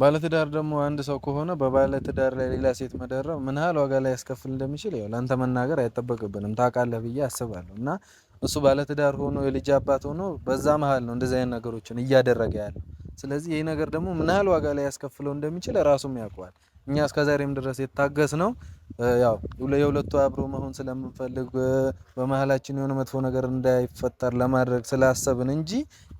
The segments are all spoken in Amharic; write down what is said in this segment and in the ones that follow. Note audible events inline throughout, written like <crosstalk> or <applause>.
ባለትዳር ደግሞ አንድ ሰው ከሆነ በባለትዳር ላይ ሌላ ሴት መደረብ ምን ያህል ዋጋ ላይ ያስከፍል እንደሚችል ያው ለአንተ መናገር አይጠበቅብንም፣ ታውቃለህ ብዬ አስባለሁ። እና እሱ ባለትዳር ሆኖ የልጅ አባት ሆኖ በዛ መሀል ነው እንደዚህ አይነት ነገሮችን እያደረገ ያለ። ስለዚህ ይህ ነገር ደግሞ ምን ያህል ዋጋ ላይ ያስከፍለው እንደሚችል ራሱም ያውቀዋል። እኛ እስከዛሬም ድረስ የታገስ ነው ያው የሁለቱ አብሮ መሆን ስለምንፈልግ በመሀላችን የሆነ መጥፎ ነገር እንዳይፈጠር ለማድረግ ስላሰብን እንጂ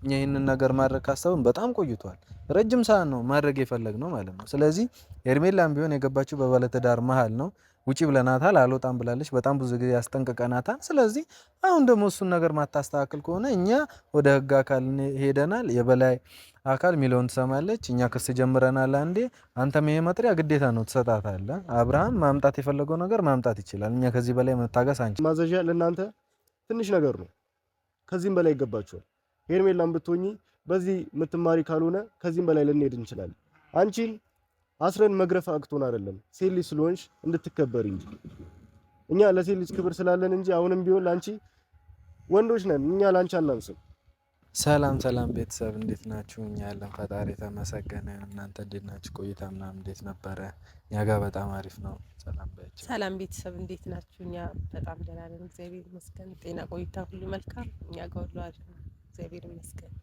እኛ ይህንን ነገር ማድረግ ካሰብን በጣም ቆይቷል። ረጅም ሰዓት ነው ማድረግ የፈለግ ነው ማለት ነው። ስለዚህ ሄርሜላም ቢሆን የገባችው በባለትዳር መሀል ነው። ውጪ ብለናታል፣ አልወጣም ብላለች። በጣም ብዙ ጊዜ ያስጠንቅቀናታል። ስለዚህ አሁን ደግሞ እሱን ነገር ማታስተካክል ከሆነ እኛ ወደ ህግ አካል ሄደናል። የበላይ አካል የሚለውን ትሰማለች። እኛ ክስ ጀምረናል። አንዴ አንተም ይሄ መጥሪያ ግዴታ ነው ትሰጣታለ። አብርሃም ማምጣት የፈለገው ነገር ማምጣት ይችላል። እኛ ከዚህ በላይ መታገስ አንችል። ማዘዣ ለእናንተ ትንሽ ነገር ነው፣ ከዚህም በላይ ይገባችኋል። ሄርሜላም ብትሆኚ በዚህ ምትማሪ ካልሆነ ከዚህም በላይ ልንሄድ እንችላለን። አንቺን አስረን መግረፍ አቅቶን አይደለም፣ ሴት ልጅ ስለሆንሽ እንድትከበር እንጂ እኛ ለሴት ልጅ ክብር ስላለን እንጂ አሁንም ቢሆን ለአንቺ ወንዶች ነን፣ እኛ ለአንቺ አናንስም። ሰላም ሰላም ቤተሰብ እንዴት ናችሁ? እኛ ያለን ፈጣሪ የተመሰገነ። እናንተ እንዴት ናችሁ? ቆይታ ምናምን እንዴት ነበረ? እኛ ጋር በጣም አሪፍ ነው። ሰላም ባያችሁ። ሰላም ቤተሰብ እንዴት ናችሁ? እኛ በጣም ደህና ነን፣ እግዚአብሔር ይመስገን። ጤና ቆይታ ሁሉ መልካም፣ እኛ ጋር ሁሉ አሪፍ ነው፣ እግዚአብሔር ይመስገን።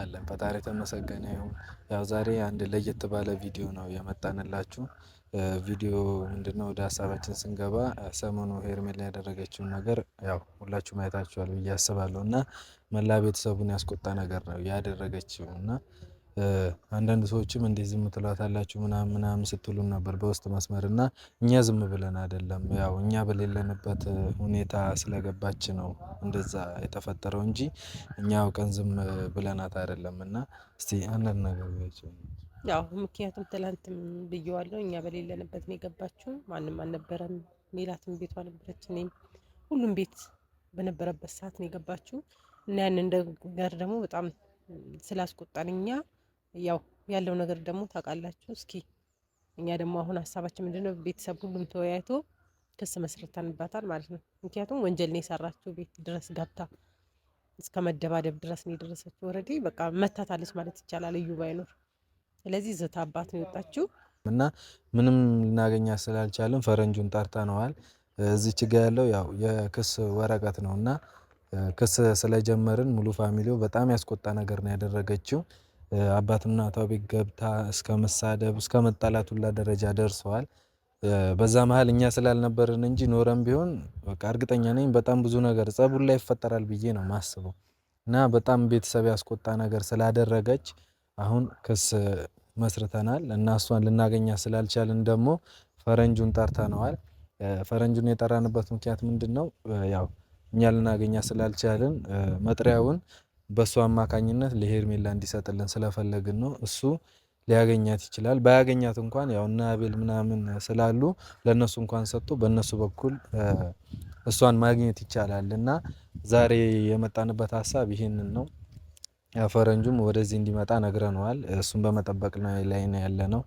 አለን። ፈጣሪ የተመሰገነ ይሁን። ያው ዛሬ አንድ ለየት ባለ ቪዲዮ ነው የመጣንላችሁ። ቪዲዮ ምንድነው? ወደ ሀሳባችን ስንገባ ሰሞኑ ሄርሜላ ያደረገችውን ነገር ያው ሁላችሁ ማየታችኋል ብዬ አስባለሁ እና መላ ቤተሰቡን ያስቆጣ ነገር ነው ያደረገችው እና አንዳንድ ሰዎችም እንዴ ዝም ትሏታላችሁ ምናምን ምናምን ስትሉን ነበር በውስጥ መስመር እና እኛ ዝም ብለን አይደለም ያው እኛ በሌለንበት ሁኔታ ስለገባች ነው እንደዛ የተፈጠረው እንጂ እኛ አውቀን ዝም ብለናት አይደለም። እና እስቲ አንዳንድ ነገሮች ያው ምክንያቱም ትላንትም ብየዋለሁ እኛ በሌለንበት ነው የገባችው። ማንም አልነበረም። ሜላትም ቤቷ ነበረች፣ እኔም ሁሉም ቤት በነበረበት ሰዓት ነው የገባችው እና ያንን ነገር ደግሞ በጣም ስላስቆጣን እኛ ያው ያለው ነገር ደግሞ ታውቃላችሁ። እስኪ እኛ ደግሞ አሁን ሀሳባችን ምንድነው? ቤተሰብ ሁሉም ተወያይቶ ክስ መስርተንባታል ማለት ነው። ምክንያቱም ወንጀል ነው የሰራችው። ቤት ድረስ ገብታ እስከ መደባደብ ድረስ ነው የደረሰችው። ወረዴ በቃ መታታለች ማለት ይቻላል እዩ ባይኖር። ስለዚህ ዝታ አባት ነው የወጣችው እና ምንም ልናገኛ ስላልቻለን ፈረንጁን ጠርተነዋል። እዚህ ችጋ ያለው ያው የክስ ወረቀት ነው እና ክስ ስለጀመርን ሙሉ ፋሚሊው በጣም ያስቆጣ ነገር ነው ያደረገችው። አባትና እናቷ ቤት ገብታ እስከ መሳደብ እስከ መጣላት ሁላ ደረጃ ደርሰዋል። በዛ መሀል እኛ ስላልነበርን እንጂ ኖረን ቢሆን በቃ እርግጠኛ ነኝ በጣም ብዙ ነገር ጸቡን ላይ ይፈጠራል ብዬ ነው ማስበው። እና በጣም ቤተሰብ ያስቆጣ ነገር ስላደረገች አሁን ክስ መስርተናል እና እሷን ልናገኛ ስላልቻልን ደግሞ ፈረንጁን ጠርተነዋል። ፈረንጁን የጠራንበት ምክንያት ምንድነው? ያው እኛ ልናገኛ ስላልቻልን መጥሪያውን በእሱ አማካኝነት ለሄርሜላ እንዲሰጥልን ስለፈለግን ነው። እሱ ሊያገኛት ይችላል። ባያገኛት እንኳን ያው እነ አቤል ምናምን ስላሉ ለእነሱ እንኳን ሰጥቶ በእነሱ በኩል እሷን ማግኘት ይቻላል እና ዛሬ የመጣንበት ሀሳብ ይህንን ነው። ፈረንጁም ወደዚህ እንዲመጣ ነግረነዋል። እሱን በመጠበቅ ላይ ነው ያለ ነው።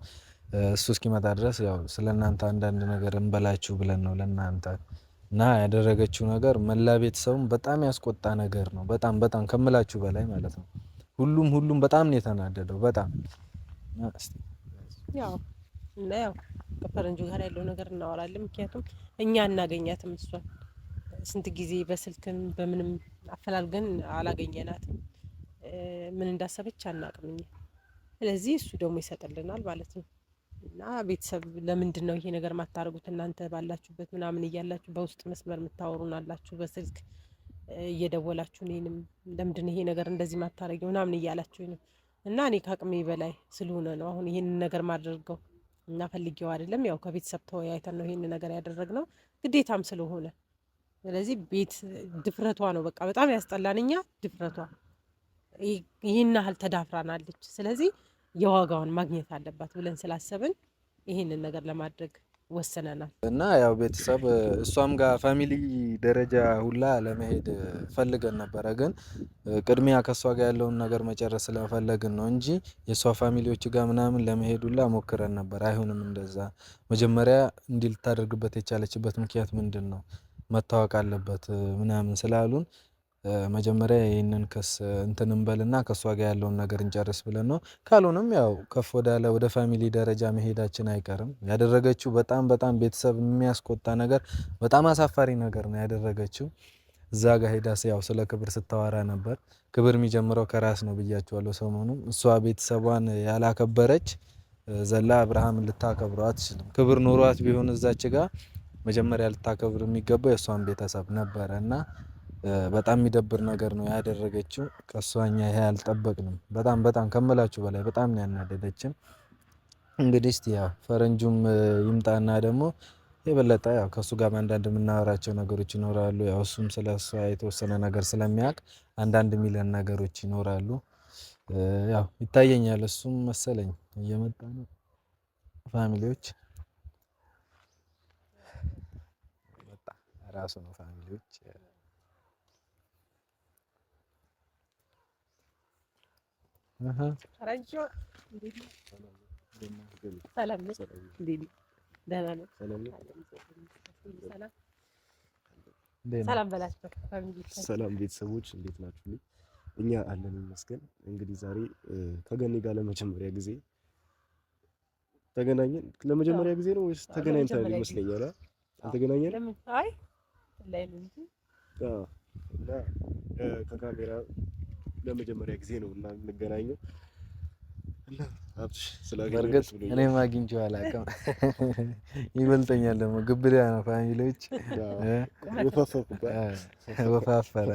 እሱ እስኪመጣ ድረስ ያው ስለ እናንተ አንዳንድ ነገር እንበላችሁ ብለን ነው ለእናንተ ና ያደረገችው ነገር መላ ቤተሰቡን በጣም ያስቆጣ ነገር ነው። በጣም በጣም ከምላችሁ በላይ ማለት ነው። ሁሉም ሁሉም በጣም ነው የተናደደው። በጣም ያው እና ያው ከፈረንጁ ጋር ያለው ነገር እናወራለን። ምክንያቱም እኛ እናገኛትም እሷን ስንት ጊዜ በስልክም በምንም አፈላልገን አላገኘናትም። ምን እንዳሰበች አናቅም እኛ። ስለዚህ እሱ ደግሞ ይሰጥልናል ማለት ነው። እና ቤተሰብ ለምንድን ነው ይሄ ነገር ማታደርጉት እናንተ ባላችሁበት ምናምን እያላችሁ በውስጥ መስመር የምታወሩን አላችሁ፣ በስልክ እየደወላችሁ እኔንም ለምንድን ይሄ ነገር እንደዚህ ማታደርጊው ምናምን እያላችሁ ነው። እና እኔ ከአቅሜ በላይ ስለሆነ ነው አሁን ይህንን ነገር ማደርገው እና ፈልጌው አይደለም። ያው ከቤተሰብ ተወያይተን ነው ይህን ነገር ያደረግነው ግዴታም ስለሆነ ስለዚህ ቤት ድፍረቷ ነው በቃ በጣም ያስጠላን። እኛ ድፍረቷ ይህን ያህል ተዳፍራናለች። ስለዚህ የዋጋውን ማግኘት አለባት ብለን ስላሰብን ይህንን ነገር ለማድረግ ወሰነናል። እና ያው ቤተሰብ እሷም ጋር ፋሚሊ ደረጃ ሁላ ለመሄድ ፈልገን ነበረ፣ ግን ቅድሚያ ከእሷ ጋር ያለውን ነገር መጨረስ ስለፈለግን ነው እንጂ የእሷ ፋሚሊዎች ጋር ምናምን ለመሄድ ሁላ ሞክረን ነበር። አይሁንም እንደዛ። መጀመሪያ እንዲህ ልታደርግበት የቻለችበት ምክንያት ምንድን ነው? መታወቅ አለበት ምናምን ስላሉን መጀመሪያ ይህንን ክስ እንትን እንበልና ከእሷ ጋር ያለውን ነገር እንጨርስ ብለን ነው። ካልሆነም ያው ከፍ ወዳለ ወደ ፋሚሊ ደረጃ መሄዳችን አይቀርም። ያደረገችው በጣም በጣም ቤተሰብ የሚያስቆጣ ነገር፣ በጣም አሳፋሪ ነገር ነው ያደረገችው። እዛ ጋር ሄዳ ያው ስለ ክብር ስታወራ ነበር። ክብር የሚጀምረው ከራስ ነው ብያችኋለሁ ሰሞኑን። እሷ ቤተሰቧን ያላከበረች ዘላ አብርሃም ልታከብረው አትችልም። ክብር ኖሯት ቢሆን እዛች ጋር መጀመሪያ ልታከብር የሚገባው የእሷን ቤተሰብ ነበረ እና በጣም የሚደብር ነገር ነው ያደረገችው። ከእሷኛ ይሄ አልጠበቅንም። በጣም በጣም ከምላችሁ በላይ በጣም ነው ያናደደችን። እንግዲህ እስቲ ያው ፈረንጁም ይምጣና ደግሞ የበለጠ ያው ከእሱ ጋር አንዳንድ የምናወራቸው ነገሮች ይኖራሉ። ያው እሱም ስለ እሷ የተወሰነ ነገር ስለሚያውቅ አንዳንድ የሚለን ነገሮች ይኖራሉ። ያው ይታየኛል። እሱም መሰለኝ እየመጣ ነው። ፋሚሊዎች ራሱ ነው ፋሚሊዎች ሰላም ቤተሰቦች እንዴት ናችሁ? እኛ አለን ይመስገን። እንግዲህ ዛሬ ከገኔ ጋር ለመጀመሪያ ጊዜ ተገናኘን። ለመጀመሪያ ጊዜ ነው ወይስ ተገናኝተናል? ይመስለኛል አልተገናኘንም። አይ እና ከካሜራ ለመጀመሪያ ጊዜ ነው እና የምንገናኘው። በእርግጥ እኔም አግኝቼው አላውቅም። <laughs> ይበልጠኛል ደግሞ ግብዳ ነው። ፋሚሊዎች ወፋፈረ።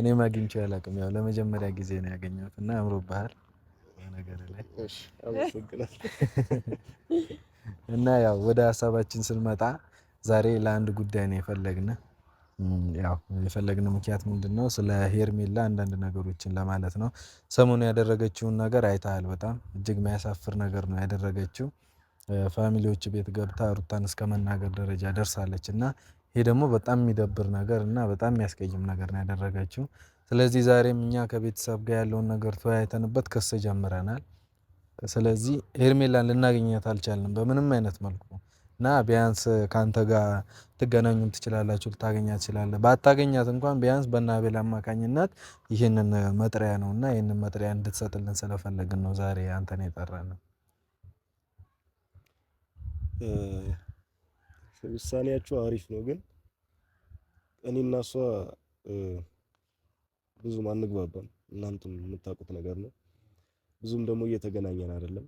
እኔም አግኝቼው አላውቅም። ያው ለመጀመሪያ ጊዜ ነው ያገኘሁት እና አምሮብሃል ነገር ላይ <laughs> እና ያው ወደ ሀሳባችን ስንመጣ ዛሬ ለአንድ ጉዳይ ነው የፈለግነው ያው የፈለግነው ምክንያት ምንድነው? ስለ ሄርሜላ አንዳንድ ነገሮችን ለማለት ነው። ሰሞኑ ያደረገችውን ነገር አይተሃል። በጣም እጅግ የሚያሳፍር ነገር ነው ያደረገችው። ፋሚሊዎች ቤት ገብታ ሩታን እስከ መናገር ደረጃ ደርሳለች። እና ይሄ ደግሞ በጣም የሚደብር ነገር እና በጣም የሚያስቀይም ነገር ነው ያደረገችው። ስለዚህ ዛሬም እኛ ከቤተሰብ ጋር ያለውን ነገር ተወያይተንበት ክስ ጀምረናል። ስለዚህ ሄርሜላን ልናገኘት አልቻልንም በምንም አይነት መልኩ እና ቢያንስ ከአንተ ጋር ልትገናኙም ትችላላችሁ ልታገኛት ትችላለህ ባታገኛት እንኳን ቢያንስ በናቤል አማካኝነት ይህንን መጥሪያ ነው እና ይህንን መጥሪያ እንድትሰጥልን ስለፈለግን ነው ዛሬ አንተን የጠራንህ። ውሳኔያችሁ አሪፍ ነው፣ ግን እና እሷ ብዙም አንግባባም። እናንተም የምታውቁት ነገር ነው። ብዙም ደግሞ እየተገናኘን አይደለም።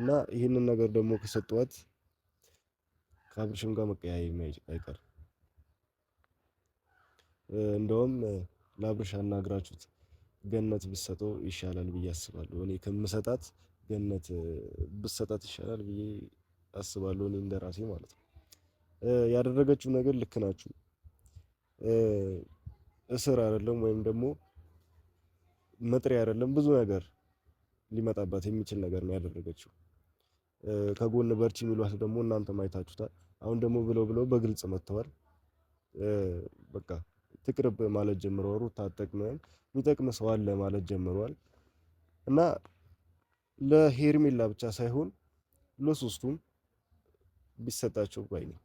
እና ይህንን ነገር ደግሞ ከሰጠዋት ከአብርሽም ጋር መቀያየም አይቀርም። እንደውም ለአብርሽ አናግራችሁት ገነት ብትሰጠው ይሻላል ብዬ አስባለሁ። እኔ ከምሰጣት ገነት ብሰጣት ይሻላል ብዬ አስባለሁ። እኔ እንደራሴ ማለት ነው። ያደረገችው ነገር ልክ ናችሁ። እስር አይደለም ወይም ደግሞ መጥሪያ አይደለም፣ ብዙ ነገር ሊመጣባት የሚችል ነገር ነው ያደረገችው። ከጎን በርቺ የሚሏት ደግሞ እናንተ ማየታችሁታል። አሁን ደግሞ ብለው ብለው በግልጽ መጥተዋል። በቃ ትቅርብ ማለት ጀምረዋል። ሩታ አትጠቅምህም፣ የሚጠቅም ሰው አለ ማለት ጀምረዋል። እና ለሄርሜላ ብቻ ሳይሆን ለሶስቱም ቢሰጣቸው ባይ ነው።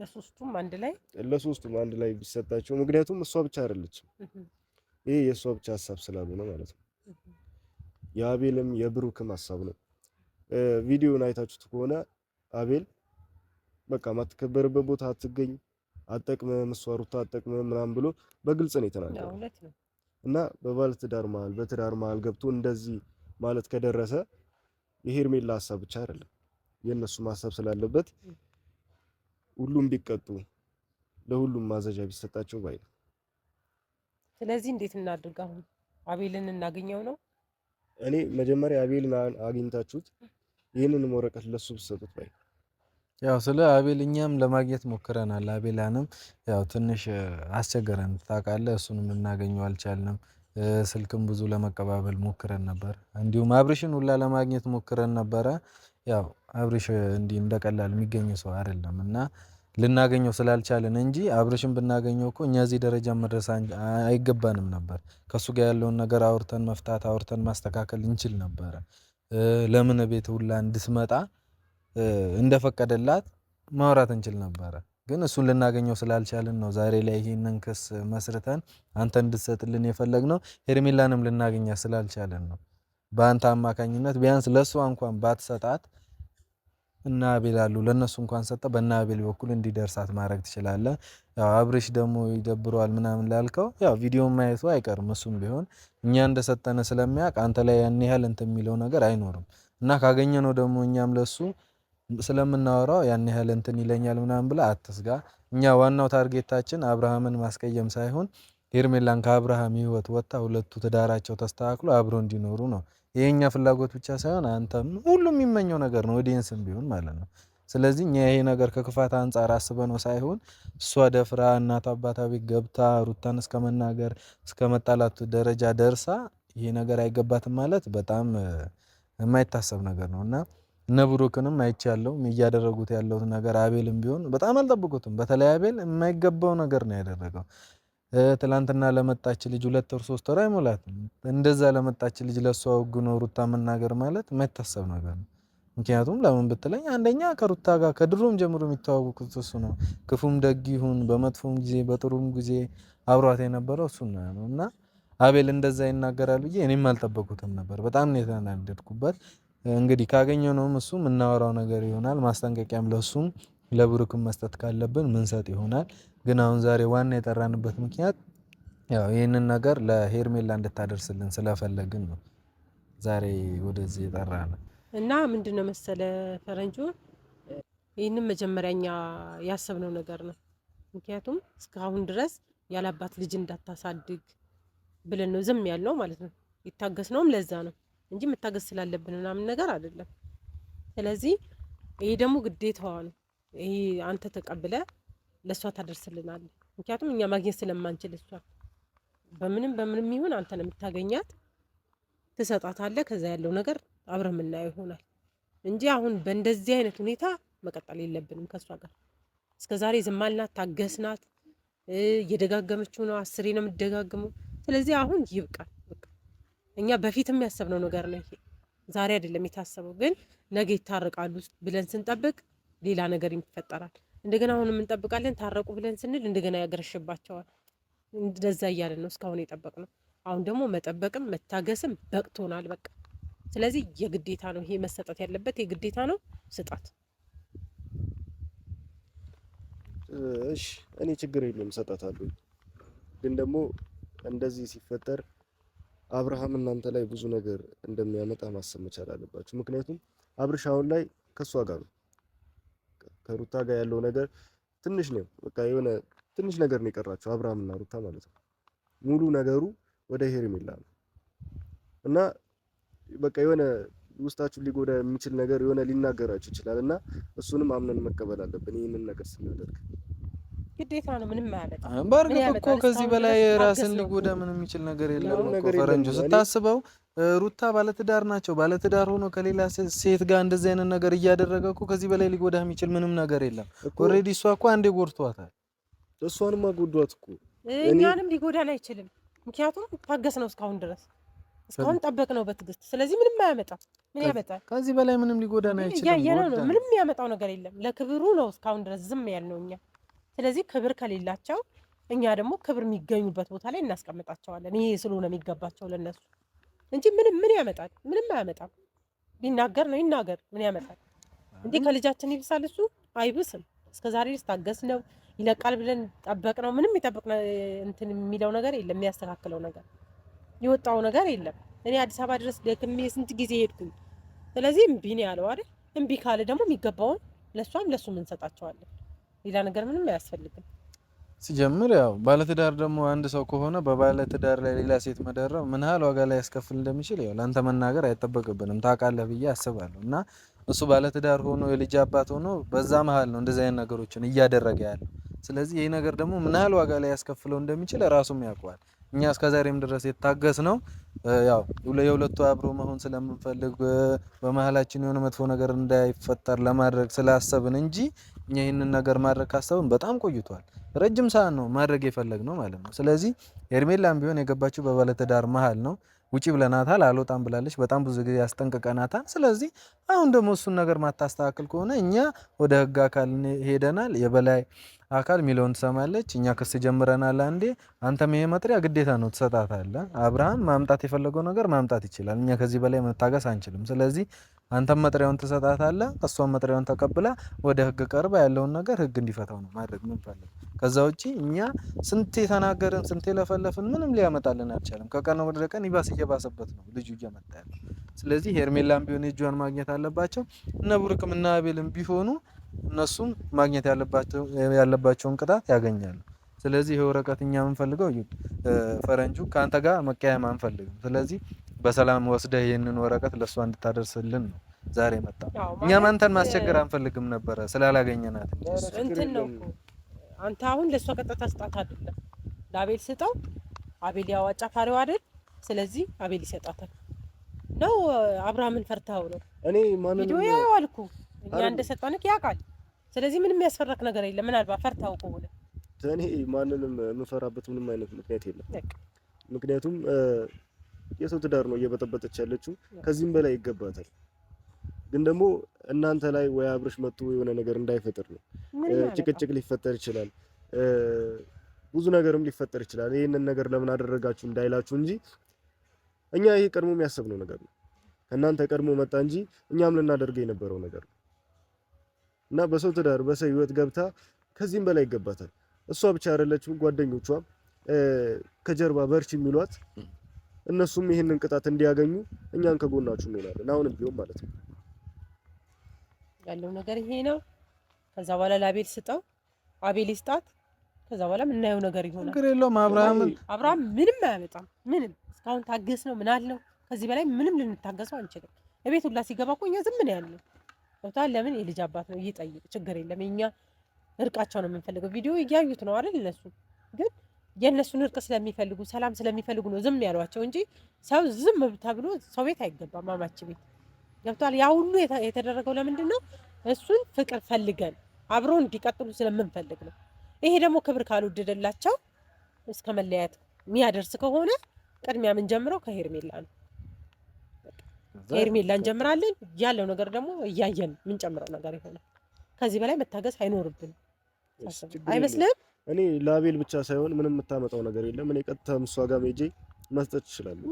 ለሶስቱም አንድ ላይ ለሶስቱም አንድ ላይ ቢሰጣቸው፣ ምክንያቱም እሷ ብቻ አይደለችም። ይሄ የእሷ ብቻ ሀሳብ ስላልሆነ ማለት ነው። የአቤልም የብሩክም ሀሳብ ነው። ቪዲዮን አይታችሁት ከሆነ አቤል በቃ ማትከበርበት ቦታ አትገኝ፣ አጠቅመ እሷ ሩታ አጠቅመህም ምናምን ብሎ በግልጽ ነው የተናገረው እና በባለ ትዳር መሀል በትዳር መሀል ገብቶ እንደዚህ ማለት ከደረሰ የሄርሜላ ሀሳብ ብቻ አይደለም የእነሱም ሀሳብ ስላለበት ሁሉም ቢቀጡ ለሁሉም ማዘዣ ቢሰጣቸው ባይ ነው። ስለዚህ እንዴት እናድርግ? አሁን አቤልን እናገኘው ነው እኔ መጀመሪያ አቤል አግኝታችሁት ይህንን ወረቀት ለሱ ብትሰጡት ባይ ያው ስለ አቤል እኛም ለማግኘት ሞክረናል። አቤላንም ያው ትንሽ አስቸገረን ታውቃለህ። እሱንም እናገኘው አልቻልንም። ስልክም ብዙ ለመቀባበል ሞክረን ነበር። እንዲሁም አብርሽን ሁላ ለማግኘት ሞክረን ነበረ። ያው አብርሽ እንዲህ እንደቀላል የሚገኝ ሰው አይደለም እና ልናገኘው ስላልቻለን እንጂ አብርሽን ብናገኘው እኮ እኛ እዚህ ደረጃ መድረስ አይገባንም ነበር። ከእሱ ጋር ያለውን ነገር አውርተን መፍታት አውርተን ማስተካከል እንችል ነበረ። ለምን ቤት ሁላ እንድትመጣ እንደፈቀደላት ማውራት እንችል ነበረ። ግን እሱን ልናገኘው ስላልቻልን ነው ዛሬ ላይ ይህንን ክስ መስርተን አንተ እንድትሰጥልን የፈለግነው። ሄርሜላንም ልናገኛ ስላልቻለን ነው። በአንተ አማካኝነት ቢያንስ ለእሷ እንኳን ባትሰጣት እናቤል አቤል አሉ ለእነሱ እንኳን ሰጠ በእነ አቤል በኩል እንዲደርሳት ማድረግ ትችላለ ያው አብርሽ ደግሞ ይደብረዋል ምናምን ላልከው ያው ቪዲዮ ማየቱ አይቀርም እሱም ቢሆን እኛ እንደሰጠነ ስለሚያውቅ አንተ ላይ ያን ያህል እንትን የሚለው ነገር አይኖርም። እና ካገኘነው ደግሞ እኛም ለሱ ስለምናወራው ያን ያህል እንትን ይለኛል ምናምን ብለ አትስጋ። እኛ ዋናው ታርጌታችን አብርሃምን ማስቀየም ሳይሆን ሄርሜላን ከአብርሃም ህይወት ወጥታ ሁለቱ ትዳራቸው ተስተካክሎ አብሮ እንዲኖሩ ነው የኛ ፍላጎት ብቻ ሳይሆን አንተም ሁሉም የሚመኘው ነገር ነው፣ ኦዲየንስም ቢሆን ማለት ነው። ስለዚህ እኛ ይሄ ነገር ከክፋት አንጻር ነው ሳይሆን እሷ ደፍራ እናት አባታ ቤት ገብታ ሩታን እስከ መናገር እስከ መጣላቱ ደረጃ ደርሳ ይሄ ነገር አይገባትም ማለት በጣም የማይታሰብ ነገር ነው እና እነ ብሩክንም አይቻለው እያደረጉት ያለውን ነገር አቤልም ቢሆን በጣም አልጠብቁትም። በተለይ አቤል የማይገባው ነገር ነው ያደረገው። ትላንትና ለመጣች ልጅ ሁለት ወር ሶስት ወር አይሞላትም። እንደዛ ለመጣች ልጅ ለእሷ ወግ ነው ሩታ መናገር ማለት የማይታሰብ ነገር ነው። ምክንያቱም ለምን ብትለኝ አንደኛ ከሩታ ጋር ከድሮም ጀምሮ የሚተዋወቁት እሱ ነው። ክፉም ደግ ይሁን በመጥፎም ጊዜ በጥሩም ጊዜ አብሯት የነበረው እሱ ነው እና አቤል እንደዛ ይናገራል ብዬ እኔም አልጠበኩትም ነበር። በጣም ነው የተናደድኩበት። እንግዲህ ካገኘው ነውም እሱ የምናወራው ነገር ይሆናል። ማስጠንቀቂያም ለእሱም ለብሩክም መስጠት ካለብን ምንሰጥ ይሆናል። ግን አሁን ዛሬ ዋና የጠራንበት ምክንያት ያው ይህንን ነገር ለሄርሜላ እንድታደርስልን ስለፈለግን ነው። ዛሬ ወደዚህ የጠራን እና ምንድን ነው መሰለ ፈረንጆ፣ ይህንን መጀመሪያኛ ያሰብነው ነገር ነው። ምክንያቱም እስካሁን ድረስ ያላባት ልጅ እንዳታሳድግ ብለን ነው ዝም ያልነው ማለት ነው። ይታገስ ነውም ለዛ ነው እንጂ መታገስ ስላለብን ምናምን ነገር አይደለም። ስለዚህ ይሄ ደግሞ ግዴታዋ ነው። ይሄ አንተ ተቀብለ ለእሷ ታደርስልናል። ምክንያቱም እኛ ማግኘት ስለማንችል እሷ በምንም በምንም ይሁን አንተ ነው የምታገኛት፣ ትሰጣታለህ። ከዛ ያለው ነገር አብረ የምናየው ይሆናል እንጂ አሁን በእንደዚህ አይነት ሁኔታ መቀጠል የለብንም ከእሷ ጋር። እስከ ዛሬ ዝማልናት፣ ታገስናት፣ እየደጋገመችው ነው፣ አስሬ ነው የምትደጋግመው። ስለዚህ አሁን ይብቃል። እኛ በፊት የሚያሰብነው ነገር ነው ይሄ። ዛሬ አይደለም የታሰበው፣ ግን ነገ ይታረቃሉ ብለን ስንጠብቅ ሌላ ነገር ይፈጠራል። እንደገና አሁንም እንጠብቃለን ታረቁ ብለን ስንል እንደገና ያገረሽባቸዋል። እንደዛ እያለን ነው እስካሁን የጠበቅ አሁን ደግሞ መጠበቅም መታገስም በቅቶናል በቃ። ስለዚህ የግዴታ ነው ይሄ መሰጠት ያለበት የግዴታ ነው። ስጣት እሺ፣ እኔ ችግር የለም እሰጣታለሁ። ግን ደግሞ እንደዚህ ሲፈጠር አብርሃም እናንተ ላይ ብዙ ነገር እንደሚያመጣ ማሰብ መቻል አለባችሁ። ምክንያቱም አብርሽ አሁን ላይ ከእሷ ጋር ነው ከሩታ ጋር ያለው ነገር ትንሽ ነው። በቃ የሆነ ትንሽ ነገር ነው የቀራቸው እና ሩታ ማለት ነው። ሙሉ ነገሩ ወደ ሄርሜላ ነው እና በቃ የሆነ ውስጣችሁን ሊጎዳ የሚችል ነገር የሆነ ሊናገራችሁ ይችላል እና እሱንም አምነን መቀበል አለብን ይህንን ነገር ስናደርግ ግዴታ ነው ምንም ማለት በእርግጥ እኮ ከዚህ በላይ ራስን ሊጎዳ ምንም የሚችል ነገር የለም እኮ ፈረንጆ ስታስበው ሩታ ባለትዳር ናቸው ባለትዳር ሆኖ ከሌላ ሴት ጋር እንደዚህ አይነት ነገር እያደረገ እኮ ከዚህ በላይ ሊጎዳ የሚችል ምንም ነገር የለም ኦልሬዲ እሷ እኮ አንዴ ጎድቷታል እሷንም አጎዷት እኮ እኛንም ሊጎዳን አይችልም ምክንያቱም ታገስ ነው እስካሁን ድረስ እስካሁን ጠበቅ ነው በትዕግስት ስለዚህ ምንም አያመጣ ምን ያመጣል ከዚህ በላይ ምንም ሊጎዳን አይችልም ምንም ያመጣው ነገር የለም ለክብሩ ነው እስካሁን ድረስ ዝም ያልነው እኛ ስለዚህ ክብር ከሌላቸው እኛ ደግሞ ክብር የሚገኙበት ቦታ ላይ እናስቀምጣቸዋለን። ይሄ ስለሆነ የሚገባቸው ለነሱ እንጂ ምንም ምን ያመጣል? ምንም አያመጣም። ቢናገር ነው ይናገር። ምን ያመጣል? እንዲህ ከልጃችን ይብሳል? እሱ አይብስም። እስከ ዛሬ ታገስ ነው ይለቃል ብለን ጠበቅ ነው። ምንም የጠበቅ እንትን የሚለው ነገር የለም። የሚያስተካክለው ነገር የወጣው ነገር የለም። እኔ አዲስ አበባ ድረስ ደክሜ ስንት ጊዜ ሄድኩኝ። ስለዚህ እምቢ ነው ያለው አይደል? እምቢ ካለ ደግሞ የሚገባውን ለእሷም ለእሱም እንሰጣቸዋለን። ሌላ ነገር ምንም አያስፈልግም። ሲጀምር ያው ባለትዳር ደግሞ አንድ ሰው ከሆነ በባለትዳር ላይ ሌላ ሴት መደረብ ምን ያህል ዋጋ ላይ ያስከፍል እንደሚችል ያው ለአንተ መናገር አይጠበቅብንም፣ ታውቃለህ ብዬ አስባለሁ። እና እሱ ባለትዳር ሆኖ የልጅ አባት ሆኖ በዛ መሀል ነው እንደዚህ አይነት ነገሮችን እያደረገ ያለው። ስለዚህ ይህ ነገር ደግሞ ምን ያህል ዋጋ ላይ ያስከፍለው እንደሚችል ራሱም ያውቀዋል። እኛ እስከ ዛሬም ድረስ የታገስ ነው ያው የሁለቱ አብሮ መሆን ስለምንፈልግ በመሀላችን የሆነ መጥፎ ነገር እንዳይፈጠር ለማድረግ ስላሰብን እንጂ እኛ ይህንን ነገር ማድረግ ካሰብን በጣም ቆይቷል። ረጅም ሰዓት ነው ማድረግ የፈለግነው ማለት ነው። ስለዚህ ሄርሜላም ቢሆን የገባችው በባለትዳር መሀል ነው። ውጪ ብለናታል፣ አልወጣም ብላለች። በጣም ብዙ ጊዜ ያስጠንቅቀናታል። ስለዚህ አሁን ደግሞ እሱን ነገር ማታስተካከል ከሆነ እኛ ወደ ህግ አካል ሄደናል። የበላይ አካል ሚለውን ትሰማለች። እኛ ክስ ጀምረናል። አንዴ አንተም ይሄ መጥሪያ ግዴታ ነው ትሰጣታለ። አብርሃም ማምጣት የፈለገው ነገር ማምጣት ይችላል። እኛ ከዚህ በላይ መታገስ አንችልም። ስለዚህ አንተም መጥሪያውን ትሰጣታለህ፣ እሷም መጥሪያውን ተቀብላ ወደ ህግ ቀርባ ያለውን ነገር ህግ እንዲፈታው ነው ማድረግ ምንፈልግ። ከዛ ውጪ እኛ ስንቴ ተናገርን፣ ስንቴ ለፈለፍን፣ ምንም ሊያመጣልን አልቻለም። ከቀን ወደ ቀን ይባስ እየባሰበት ነው ልጁ እየመጣ ያለ። ስለዚህ ሄርሜላም ቢሆን የእጇን ማግኘት አለባቸው። እነ ብሩክም እና አቤልም ቢሆኑ እነሱም ማግኘት ያለባቸውን ቅጣት ያገኛሉ። ስለዚህ ይሄ ወረቀት እኛ የምንፈልገው ፈረንጁ ከአንተ ጋር መቀያየም አንፈልግም። ስለዚህ በሰላም ወስደህ ይህንን ወረቀት ለእሷ እንድታደርስልን ነው ዛሬ መጣ። እኛም አንተን ማስቸገር አንፈልግም ነበረ ስላላገኘናት እንትን ነው። አንተ አሁን ለእሷ ቀጥታ ስጣት አይደለም ለአቤል ስጠው። አቤል ያው አጫፋሪው አይደል? ስለዚህ አቤል ይሰጣታል ነው። አብርሃምን ፈርተኸው ነው? እኔ ማንን ቪዲዮ ያው እኛ እንደሰጠንክ ያውቃል። ስለዚህ ምንም የሚያስፈራክ ነገር የለም። ምናልባት ፈርተኸው ከሆነ እኔ ማንንም የምፈራበት ምንም አይነት ምክንያት የለም። ምክንያቱም የሰው ትዳር ነው እየበጠበጠች ያለችው፣ ከዚህም በላይ ይገባታል። ግን ደግሞ እናንተ ላይ ወይ አብርሽ መጥቶ የሆነ ነገር እንዳይፈጥር ነው። ጭቅጭቅ ሊፈጠር ይችላል፣ ብዙ ነገርም ሊፈጠር ይችላል። ይህንን ነገር ለምን አደረጋችሁ እንዳይላችሁ እንጂ እኛ ይሄ ቀድሞ የሚያሰብነው ነገር ነው። ከእናንተ ቀድሞ መጣ እንጂ እኛም ልናደርገ የነበረው ነገር ነው እና በሰው ትዳር በሰው ህይወት ገብታ ከዚህም በላይ ይገባታል። እሷ ብቻ አይደለችም፣ ጓደኞቿ ከጀርባ በርች የሚሏት እነሱም ይህንን ቅጣት እንዲያገኙ እኛን ከጎናችሁ እንሆናለን። አሁንም ቢሆን ማለት ነው ያለው ነገር ይሄ ነው። ከዛ በኋላ ለአቤል ስጠው፣ አቤል ይስጣት። ከዛ በኋላ የምናየው ነገር ይሆናል። ችግር የለውም። አብርሃም አብርሃም ምንም አያመጣም። ምንም እስካሁን ታገስ ነው ምን አለው። ከዚህ በላይ ምንም ልንታገሰው አንችልም። እቤት ሁላ ሲገባ እኮ እኛ ዝም ነው ያለው። ለምን የልጅ አባት ነው ይጠይቅ፣ ችግር የለም እኛ እርቃቸው ነው የምንፈልገው። ቪዲዮ እያዩት ነው አይደል? እነሱ ግን የእነሱን እርቅ ስለሚፈልጉ ሰላም ስለሚፈልጉ ነው ዝም ያሏቸው እንጂ ሰው ዝም ተብሎ ሰው ቤት አይገባም። አማች ቤት ገብቷል። ያ ሁሉ የተደረገው ለምንድን ነው? እሱን ፍቅር ፈልገን አብሮ እንዲቀጥሉ ስለምንፈልግ ነው። ይሄ ደግሞ ክብር ካልወደደላቸው እስከ መለያየት የሚያደርስ ከሆነ ቅድሚያ ምን ጀምረው ከሄርሜላ ነው። ሄርሜላ እንጀምራለን። ያለው ነገር ደግሞ እያየን የምንጨምረው ነገር ይሆናል። ከዚህ በላይ መታገስ አይኖርብን። አይመስልህም? እኔ ለአቤል ብቻ ሳይሆን ምንም የምታመጣው ነገር የለም። እኔ ቀጥታ እሷ ጋር ሄጄ መስጠት እችላለሁ።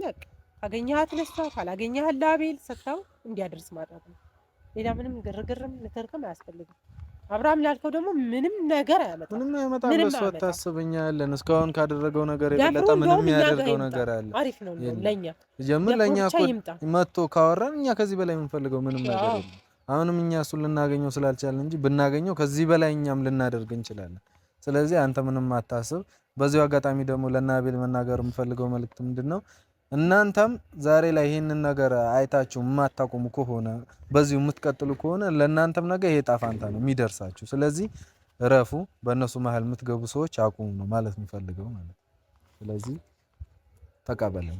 አገኘሃት ለእሷ ካላገኘሃት ለአቤል ሰጥታው እንዲያደርስ ማድረግ ነው። ሌላ ምንም ግርግርም ንትርክም አያስፈልግም። አብርሃም ላልከው ደግሞ ምንም ነገር አያመጣም። ምንም ያመጣ ለእሱ ታስበኛለን። እስካሁን ካደረገው ነገር የበለጠ ምንም ያደርገው ነገር አለ። አሪፍ ነው ለእኛ ጀምር ለእኛ መጥቶ ካወራን እኛ ከዚህ በላይ የምንፈልገው ምንም ነገር የለም። አሁንም እኛ እሱን ልናገኘው ስላልቻለን እንጂ ብናገኘው ከዚህ በላይ እኛም ልናደርግ እንችላለን። ስለዚህ አንተ ምንም አታስብ። በዚሁ አጋጣሚ ደግሞ ለናቤል መናገር የምፈልገው መልእክት ምንድን ነው? እናንተም ዛሬ ላይ ይህንን ነገር አይታችሁ የማታቆሙ ከሆነ በዚሁ የምትቀጥሉ ከሆነ ለእናንተም ነገር ይሄ ጣፋንታ ነው የሚደርሳችሁ። ስለዚህ እረፉ። በእነሱ መሀል የምትገቡ ሰዎች አቁሙ ነው ማለት የሚፈልገው ማለት ስለዚህ ተቀበልን።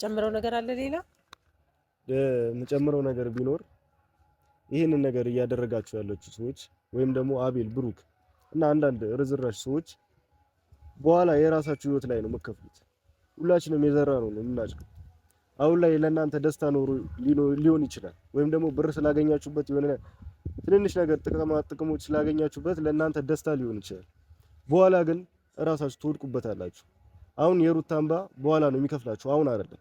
ጨምረው ነገር አለ ሌላ የምጨምረው ነገር ቢኖር ይህንን ነገር እያደረጋችሁ ያላችሁ ሰዎች ወይም ደግሞ አቤል፣ ብሩክ እና አንዳንድ ርዝራሽ ሰዎች በኋላ የራሳችሁ ህይወት ላይ ነው የምከፍሉት። ሁላችንም የዘራ ነው ነው የምናጭቀው። አሁን ላይ ለእናንተ ደስታ ኖሮ ሊሆን ይችላል፣ ወይም ደግሞ ብር ስላገኛችሁበት የሆነ ትንንሽ ነገር ጥቅማ ጥቅሞች ስላገኛችሁበት ለእናንተ ደስታ ሊሆን ይችላል። በኋላ ግን እራሳችሁ ትወድቁበታላችሁ። አሁን የሩት ታምባ በኋላ ነው የሚከፍላችሁ፣ አሁን አይደለም፣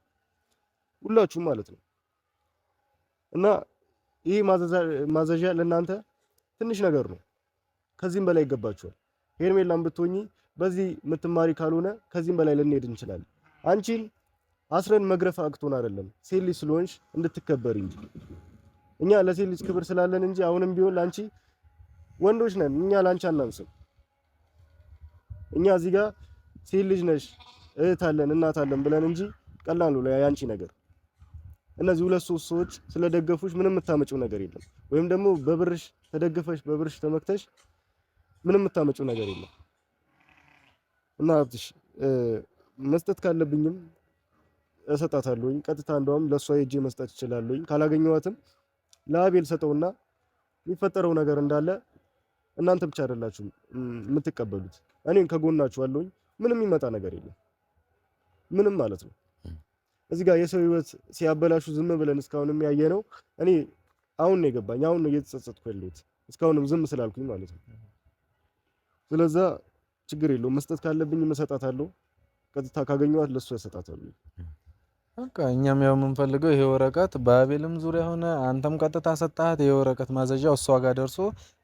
ሁላችሁም ማለት ነው። እና ይህ ማዘዣ ለእናንተ ትንሽ ነገር ነው። ከዚህም በላይ ይገባችኋል። ሄርሜላም ብትሆኚ በዚህ የምትማሪ ካልሆነ ከዚህም በላይ ልንሄድ እንችላለን። አንቺን አስረን መግረፍ አቅቶን አይደለም፣ ሴት ልጅ ስለሆንሽ እንድትከበር እንጂ እኛ ለሴት ልጅ ክብር ስላለን እንጂ አሁንም ቢሆን ለአንቺ ወንዶች ነን። እኛ ለአንቺ አናንስም። እኛ እዚህ ጋር ሴት ልጅ ነሽ፣ እህት አለን፣ እናት አለን ብለን እንጂ ቀላሉ ያንቺ ነገር እነዚህ ሁለት ሶስት ሰዎች ስለደገፉሽ ምንም የምታመጪው ነገር የለም። ወይም ደግሞ በብርሽ ተደግፈሽ በብርሽ ተመክተሽ ምንም የምታመጪው ነገር የለም እና ሀብትሽ መስጠት ካለብኝም እሰጣታለሁኝ። ቀጥታ እንደውም ለእሷ ሄጄ መስጠት እችላለሁኝ። ካላገኘኋትም ለአቤል ሰጠውና የሚፈጠረው ነገር እንዳለ እናንተ ብቻ አይደላችሁም የምትቀበሉት፣ እኔን ከጎናችሁ አለሁኝ። ምንም የሚመጣ ነገር የለም ምንም ማለት ነው። እዚህ ጋር የሰው ህይወት ሲያበላሹ ዝም ብለን እስካሁንም ያየ ነው። እኔ አሁን ነው የገባኝ፣ አሁን ነው እየተጸጸትኩ ያለሁት እስካሁንም ዝም ስላልኩኝ ማለት ነው። ስለዛ ችግር የለውም መስጠት ካለብኝ መሰጣት አለው። ቀጥታ ካገኘዋት ለእሷ ያሰጣታሉ። በቃ እኛም ያው የምንፈልገው ይሄ ወረቀት በአቤልም ዙሪያ ሆነ አንተም ቀጥታ ሰጣት ይሄ ወረቀት ማዘዣው እሷ ጋር ደርሶ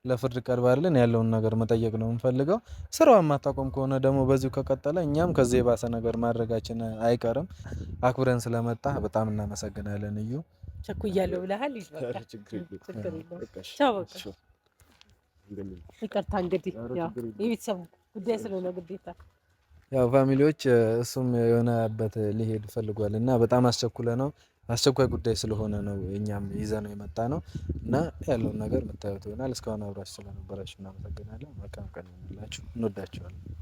ለፍርድ ቀርባልን ያለውን ነገር መጠየቅ ነው የምንፈልገው። ስራው የማታቆም ከሆነ ደግሞ በዚሁ ከቀጠለ እኛም ከዚህ የባሰ ነገር ማድረጋችን አይቀርም። አክብረን ስለመጣ በጣም እናመሰግናለን። እዩ ቸኩያለሁ ብለሃል። ይቅርታ እንግዲህ የቤተሰቡ ጉዳይ ስለሆነ ግዴታ ያው ፋሚሊዎች እሱም የሆነበት ሊሄድ ፈልጓል እና በጣም አስቸኩለ ነው አስቸኳይ ጉዳይ ስለሆነ ነው እኛም ይዘነው ነው እና ያለውን ነገር የምታዩት ይሆናል። እስካሁን አብራችሁ ስለነበራችሁ እናመሰግናለን። መልካም ቀን ይሁንላችሁ። እንወዳችኋለን።